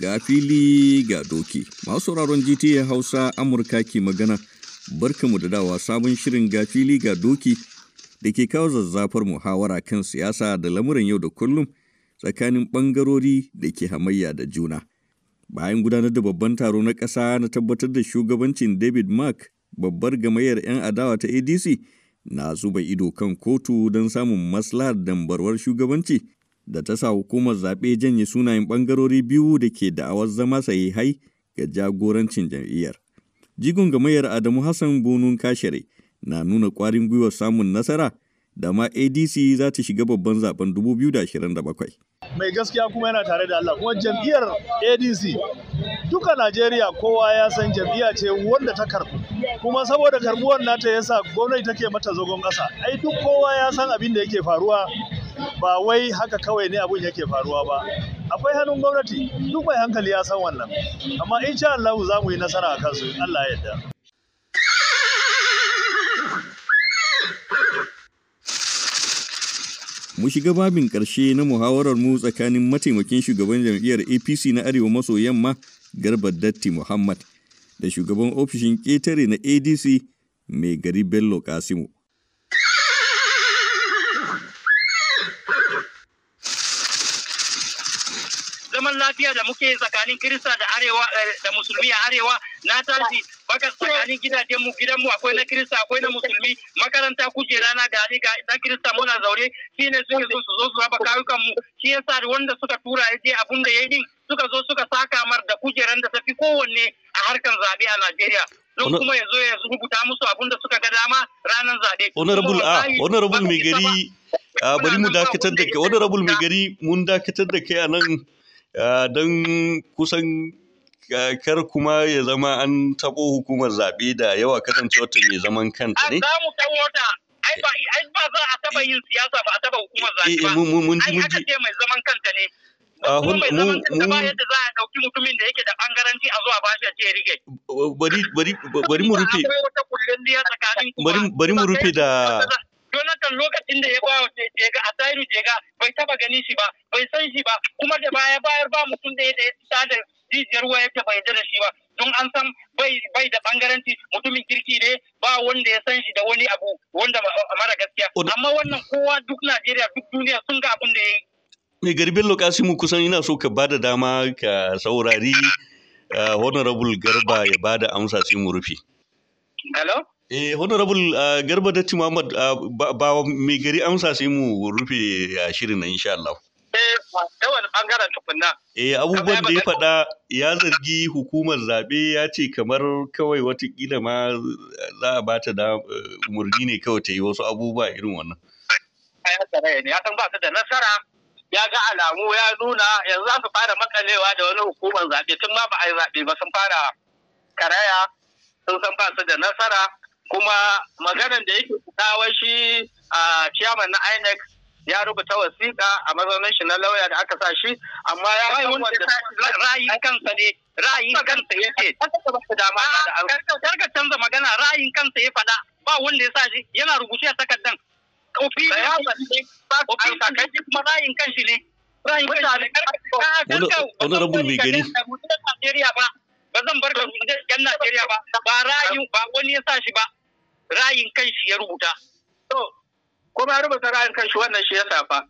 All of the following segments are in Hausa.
ga fili ga doki masu sauraron gta hausa amurka ke magana barkamu da dawa sabon shirin ga fili ga doki da ke kawo zazzafar muhawara kan siyasa da lamuran yau da kullum tsakanin bangarori da ke hamayya da juna bayan gudanar da babban taro na ƙasa na tabbatar da shugabancin david mark babbar gamayyar 'yan adawa ta adc na zuba ido kan kotu don samun maslahar dambarwar shugabanci da ta sa hukumar zaɓe janye sunayen ɓangarori biyu da ke da'awar zama hai ga jagorancin jam'iyyar. Jigon gamayyar Adamu Hassan Bonun Kashere na nuna ƙwarin gwiwar samun nasara da ma ADC za ta shiga babban zaben 2027. Mai gaskiya kuma yana tare da Allah kuma jam'iyyar ADC duka Najeriya kowa ya san jam'iyya ce wanda ta karbu kuma saboda karbuwar nata yasa gwamnati take mata zagon ƙasa ai duk kowa ya san abin da yake faruwa ba wai haka kawai ne abin yake faruwa ba akwai hannun gwamnati duk mai hankali ya san wannan amma insha Allah za mu yi nasara a kansu Allah ya yarda mu shiga babin ƙarshe na muhawarar mu tsakanin mataimakin shugaban jam'iyyar apc na arewa maso yamma garba datti muhammad da shugaban ofishin ƙetare na adc mai gari bello kasimu tafiya da muke tsakanin kirista da arewa eh, da musulmi a arewa na tashi baka tsakanin gidajen mu gidan mu akwai na kirista akwai na musulmi makaranta kujera na gari ga na kirista muna zaune shine suke so su zo su raba kayukan mu shi yasa wanda suka tura ya je abun da ya yi suka zo suka saka mar da kujeran da tafi kowanne a harkan zabe a Najeriya don kuma ya zo ya rubuta musu abun da suka ga dama ranar zabe honorable ah, a honorable mai gari ah, bari mu dakatar da kai honorable mai gari mun dakatar da kai a nan Eh, don kusan eh, kar kuma ya zama an taɓo hukumar zaɓe da yawa wata mai zaman kanta ne. Za mu taɓo ta, ai ba za a taɓa yin siyasa ba a taɓa hukumar zaɓe eh, ba. Ai aka ce mai zaman kanta ne. Bari mu rufe. Bari mu rufe da. wannan lokacin da ya ba wa ga a tsayiru jega bai taba gani shi ba bai san shi ba kuma da baya bayar ba mutum da ya da da jijiyar wayar da bai da shi ba don an san bai da bangaranci mutumin kirki ne ba wanda ya san shi da wani abu wanda mara gaskiya amma wannan kowa duk Najeriya duk duniya sun ga abin da ya yi mai garbin lokaci mu kusan ina so ka bada dama ka saurari eh, honorable garba ya bada amsa sai mu rufe hello Eh, honorable uh, Garba Datti Muhammad uh, ba, ba mai gari amsa sai mu rufe uh, shirin nan insha Allah. Eh, eh abubuwan da ya faɗa ya zargi hukumar zaɓe ya ce kamar kawai watakila ma za a bata da uh, umarni ne kawai ta yi wasu abubuwa irin wannan. Ya ya san ba su da nasara ya ga alamu ya nuna yanzu za su fara makalewa da wani hukumar zaɓe tun ma ba a yi zaɓe ba sun fara karaya sun san ba su da nasara kuma maganar da yake fita shi a chairman na INEC ya rubuta wasiƙa a mazaunin shi na lauya da aka sa shi amma ya kai wanda ra'ayin kansa ne ra'ayin kansa yake dama da ka canza magana ra'ayin kansa ya faɗa ba wanda ya sa shi yana rubuce a takardan ra'ayin kanshi ne ra'ayin kanshi ne gani ba zan bar ka yan Najeriya ba ba ra'ayin ba wani ya sa shi ba Ra'ayin kanshi ya rubuta to kuma ya rubuta kan kanshi wannan shi ya safa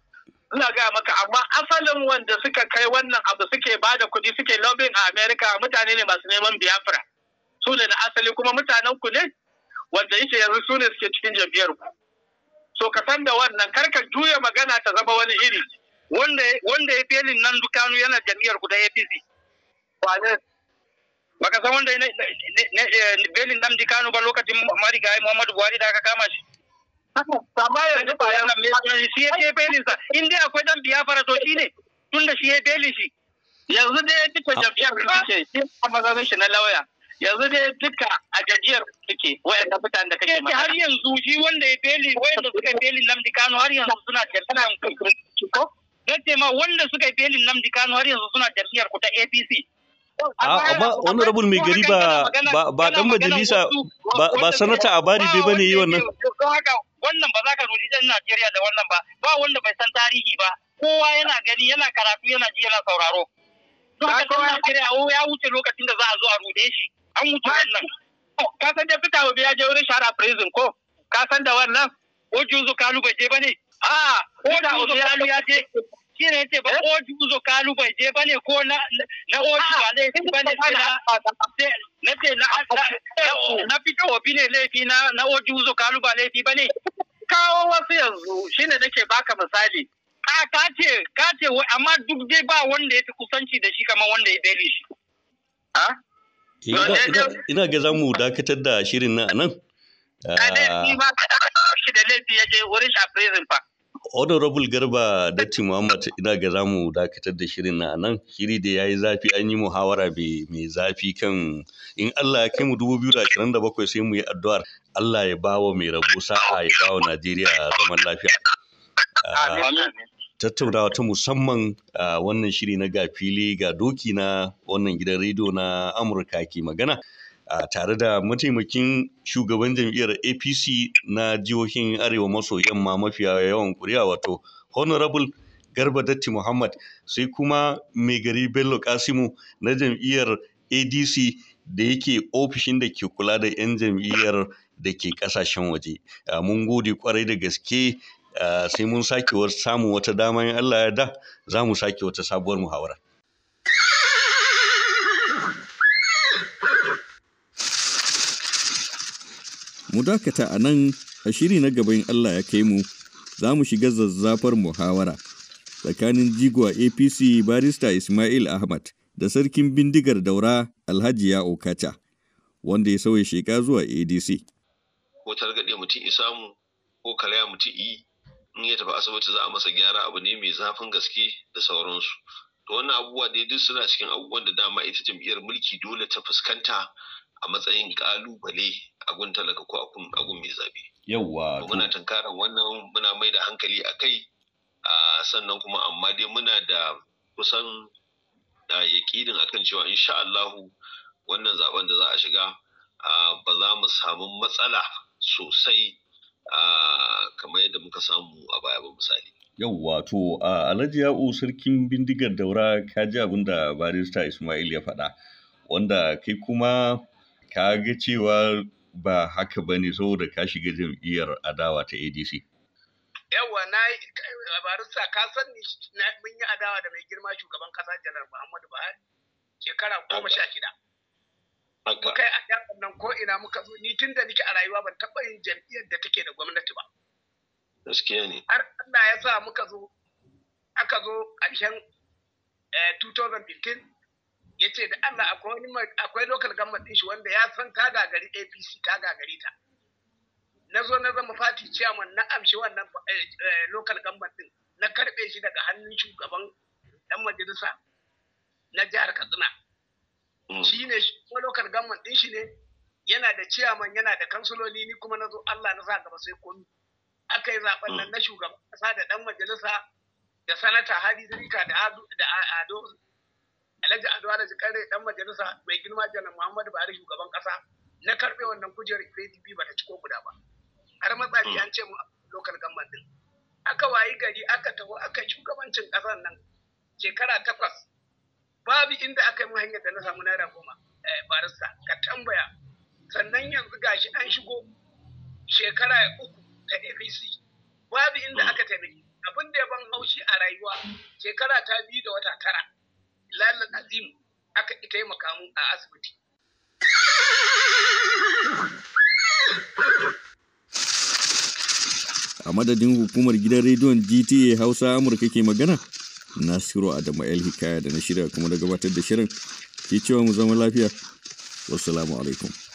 ina ga maka amma asalin wanda suka kai wannan abu suke ba da kuɗi suke lobbying a amerika mutane ne masu neman Biafra su ne na asali kuma mutanen ku ne wanda yake yanzu su ne suke cikin jam'iyyar ku so ka san da wannan karka juya magana ta zama wani iri wanda ya fiye nan dukanu yana jam'iyyar ku da APC baka san wanda eh, belin namdi kano ba lokacin marigayi muhammadu buhari da aka kama shi amma yanzu ba ya shi ya ce belin sa in akwai dan biyafara to shi ne tun da shi ya belin shi yanzu dai duka ah. jam'iyyar suke shi a mazaunin shi na lauya yanzu dai duka a gajiyar suke wayanda mutane da kake magana har yanzu shi wanda ya beli wayanda suka belin namdi kano har yanzu suna jam'iyyar ko nace ma wanda suka yi belin namdi kano har yanzu suna jam'iyyar ku ta APC amma honorable mai gari ba ba dan majalisa ba sanata abari bai bane yi wannan wannan ba za ka roji jan Najeriya da wannan ba ba wanda bai san tarihi ba kowa yana gani yana karatu yana ji yana sauraro don haka dan Najeriya oh, ya wuce lokacin da za a zo a rude shi an wuce wannan ka san da fita wa biya je wurin shara prison ko ka san da wannan ko juzu kalu bai je bane a ko da ozu kalu ya je shine yace ba eh? oji uzo kalu bai je bane ko na na oji ba laifi bane sai na ce na na fito obi ne laifi na na oji uzo kalu ba laifi bane kawo wasu yanzu shine nake baka misali a ka ce ka ce amma duk dai ba wanda ya fi kusanci da shi kamar wanda ya dare shi eh, ina ga za mu dakatar da shirin na nan. Ade, ni ma da laifi ya je wurin shi a fa. Honorable Garba dattin Muhammad ina ga za mu dakatar da shirin na nan shiri da ya yi zafi an yi muhawara mai zafi kan in Allah ya kai mu bakwai sai mu yi addu'ar Allah ya bawa mai rabo sa'a ya bawa Najeriya zaman lafiya. Ah, tattaunawa ta musamman a ah, wannan shiri na ga fili ga doki na wannan gidan rediyo na Amurka ke magana. a tare da mataimakin shugaban jam'iyyar apc na jihohin arewa maso yamma mafiya yawan ƙuri'a wato honorable garba datti muhammad sai kuma mai gari bello kasimu na jam'iyyar adc da yake ofishin da ke kula da 'yan jam'iyyar da ke kasashen waje mun gode kwarai da gaske sai mun sake samun wata dama in allah ya da za mu sake wata sabuwar muhawara mu dakata a nan a shiri na gaban Allah ya kai mu za mu shiga zazzafar muhawara tsakanin jigwa apc barista ismail ahmad da sarkin bindigar daura alhaji ya okacha wanda ya sauya sheka zuwa adc ko targaɗe mutum ya samu ko karaya mutum yi in ya tafi asibiti za a masa gyara abu ne mai zafin gaske da sauransu to wannan abubuwa dai duk suna cikin abubuwan da dama ita jam'iyyar mulki dole ta fuskanta a matsayin kalubale a gun talaka ko a gun mai zabe. Yawwa. Muna tunkaran wannan muna mai da hankali a kai sannan kuma amma dai muna da kusan da yakinin akan cewa insha Allahu wannan zaben da za a shiga ba za mu samu matsala sosai kamar yadda muka samu a baya ba misali. to a Alhaji Ya'u sarkin bindigar daura ka ji abin da barista Ismail ya faɗa wanda kai kuma ka ga cewa ba haka ba ne saboda ka shiga jam'iyyar adawa ta adc yawa na barista ka san ni mun yi adawa da mai girma shugaban kasa janar muhammadu buhari shekara goma sha shida muka nan ko ina muka zo ni tunda da nake a rayuwa ban taba yin jam'iyyar da take da gwamnati ba gaskiya ne har Allah ya sa muka zo aka zo ƙarshen 2015 eh, ya ce da Allah akwai local government ɗin shi wanda ya san ta gagari APC ta gagari ta. Na zo na zama fati ciyaman na amshi wannan eh, local government din na karbe shi daga hannun shugaban ɗan majalisa na jihar Katsina. Mm. Shi ne kuma local government din shi ne yana da ciyaman yana da kansuloli ni kuma na zo Allah na sa gaba sai komi. Aka yi zaɓen nan mm. na shugaban kasa da ɗan majalisa da sanata Hadi Zirika da Ado alhaji ado alhaji kare dan majalisa mai girma janar muhammadu buhari shugaban kasa na karbe wannan kujerar pdp ba ta ci guda ba har matsayi hmm. an ce mu local government din aka wayi gari aka taho aka shugabancin kasar nan shekara takwas babu inda aka yi hanyar da na samu naira goma eh, barista ka tambaya sannan yanzu gashi an shigo shekara uku ta abc babu inda hmm. aka taimaki abin da ya ban haushi a rayuwa shekara ta biyu da wata tara billahi azim aka ita taimaka a asibiti a madadin hukumar gidan rediyon gta hausa amurka ke magana nasiru adamu el hikaya da na shirya kuma da gabatar da shirin ke cewa mu zama lafiya wasu alaikum